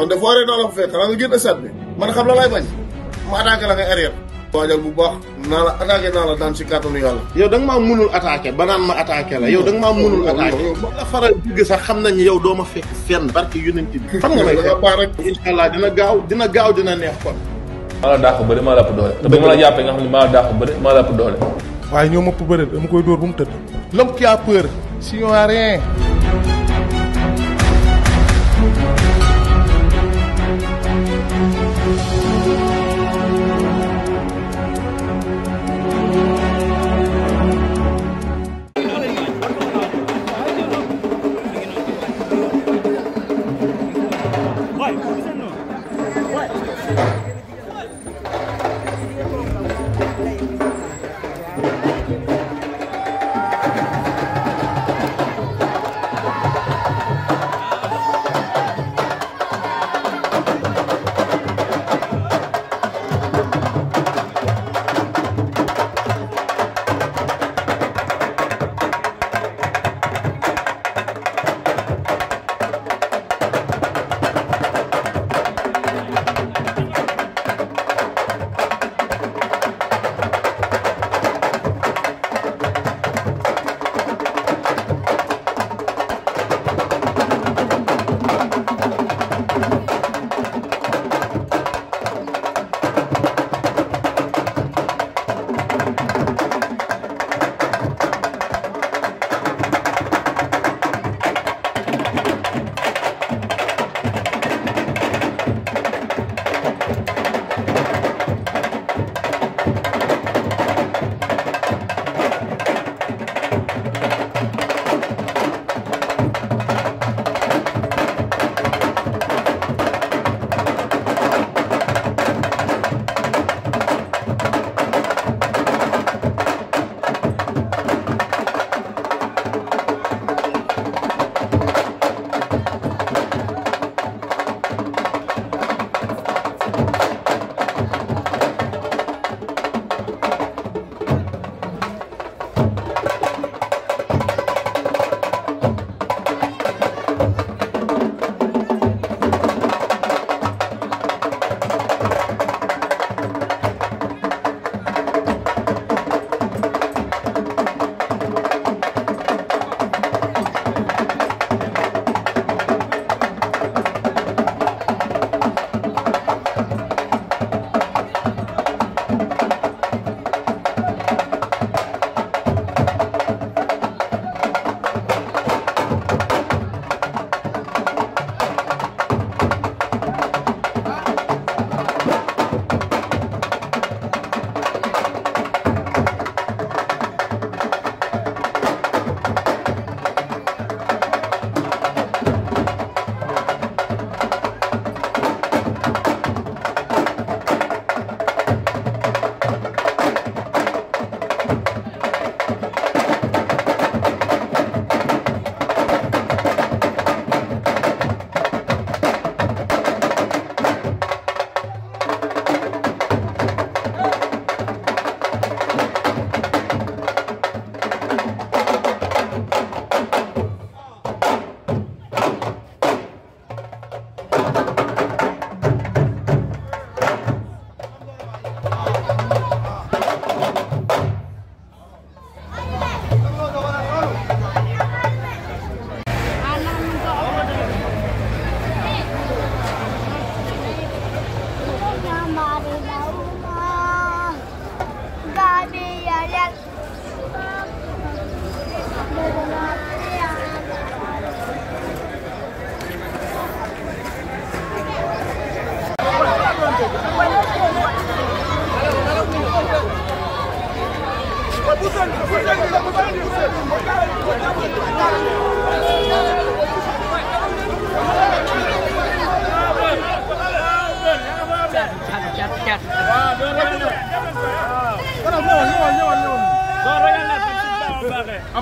man da foore do la ko fekk xanaa nga génn stade bi man xam la lay bañ ma attaqué la nga erreur wajal bu baax na la attaqué na la daan si kàttanu yalla yow da nga maa munul attaqué ba nan ma attaqué la yow da nga maa munul attaqué ba nga faral dugg sax xam nañ yow do ma fekk fenn barke yonent bi xam nga may baax rek incha dina gaaw dina gaaw dina neex kon maa la dàq bëri maa la ëpp doole te bi ma la jappé nga xam ne maa la dàq bëri maa la ëpp doole waaye ñoo mëpp beure dama koy door bu mu tedd l'homme qui a peur si on a rien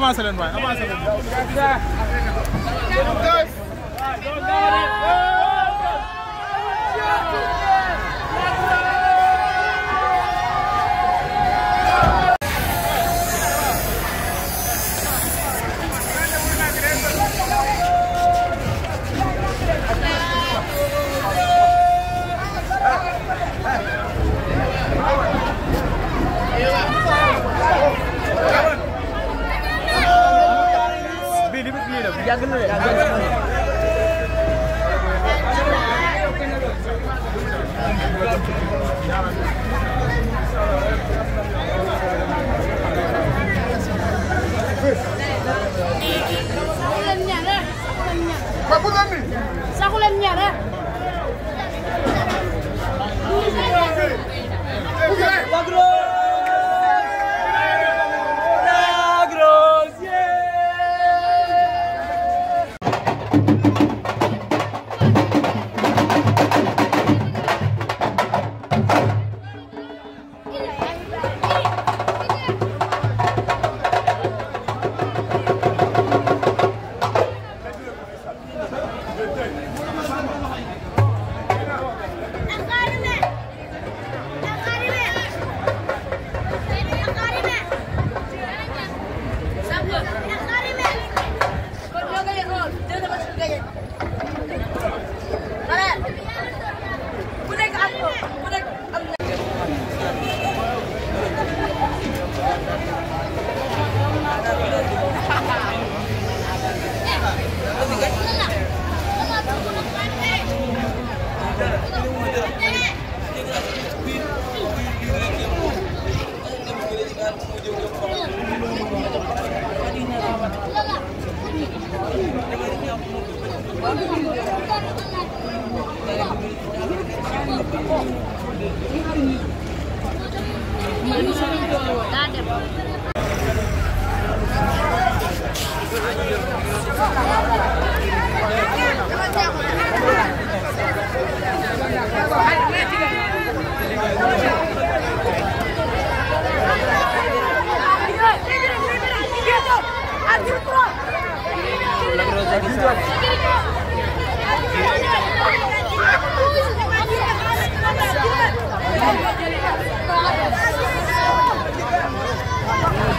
avancé leen waay avancé leen. Yes. Jagen lu ya. Sakulan niya, Thank you.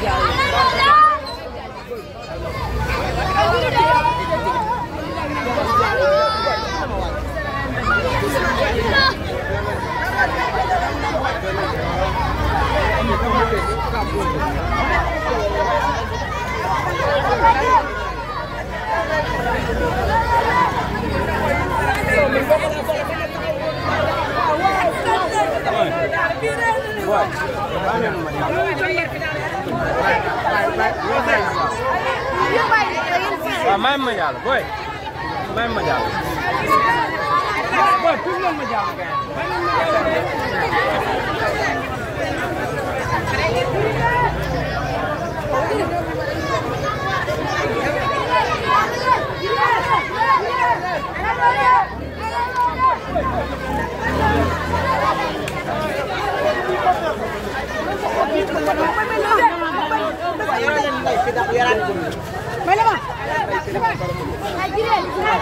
Yeah. waaw may vai, jàll booy vai, ma jàll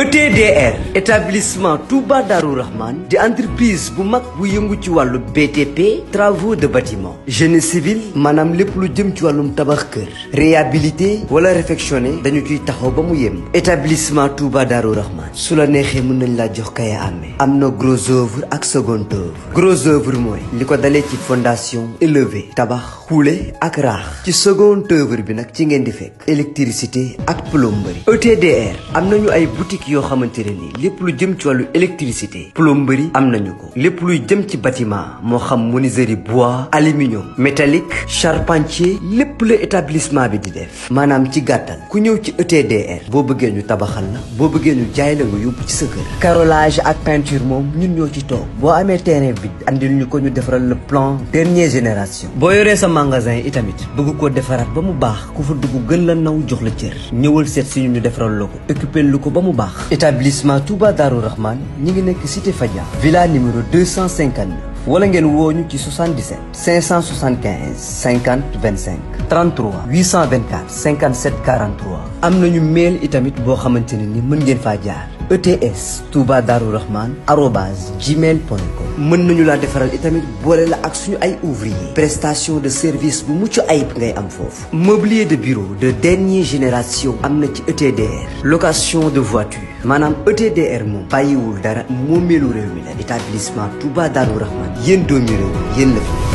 ETDR établissement Touba Darou Rahman di entreprise bu mag bu ci BTP travaux de bâtiment génie civil manam lépp lu jëm ci wàllum tabax kër réhabilité wala réfectionné dañu ciy taxaw ba mu établissement Touba Darou Rahman su la neexee mën nañ jox kaya amee am gros œuvre ak second œuvre gros œuvre moi li ko ci fondation élevé tabac xuule ak raax ci second œuvre bi nag ci di électricité ak plomberie ETDR nous avons ay boutique yo xamantene ni lepp lu jëm ci électricité plomberie am nañu ko lepp luy jëm ci bâtiment mo xam menuiserie bois aluminium métallique charpentier les plus établissement bi di def manam ci gattal ku ñew ci ETDR bo bëggee ñu tabaxal la boo ñu jaay la nga ci sa carrelage ak peinture mon, ñun ñoo ci tok bo amé terrain bi andil ñu ko ñu défaral le plan dernière génération bo yoré sa magasin itamit bëgg ko défarat ba mu baax ku fa dugg gën la naw jox la cër ñewal seet suñu ñu défaral la occuper lu ko ba mu baax établissement Touba Darou Rahman ñi cité Fadia villa numéro 259 wala ngeen 77 575 50 25 33 824 57 43 Amnon et mail itamit boo ETS Touba Darou Rahman arobase gmail.com mën nañu laa boole la ak ouvrier prestation de service bu muccu ayib ngay am mobilier de bureau de dernière génération amna ETDR location de voiture Manam ETDR Mon bayiwul dara moomeelu réew mi la établissement Touba Darou Rahman Yen doomi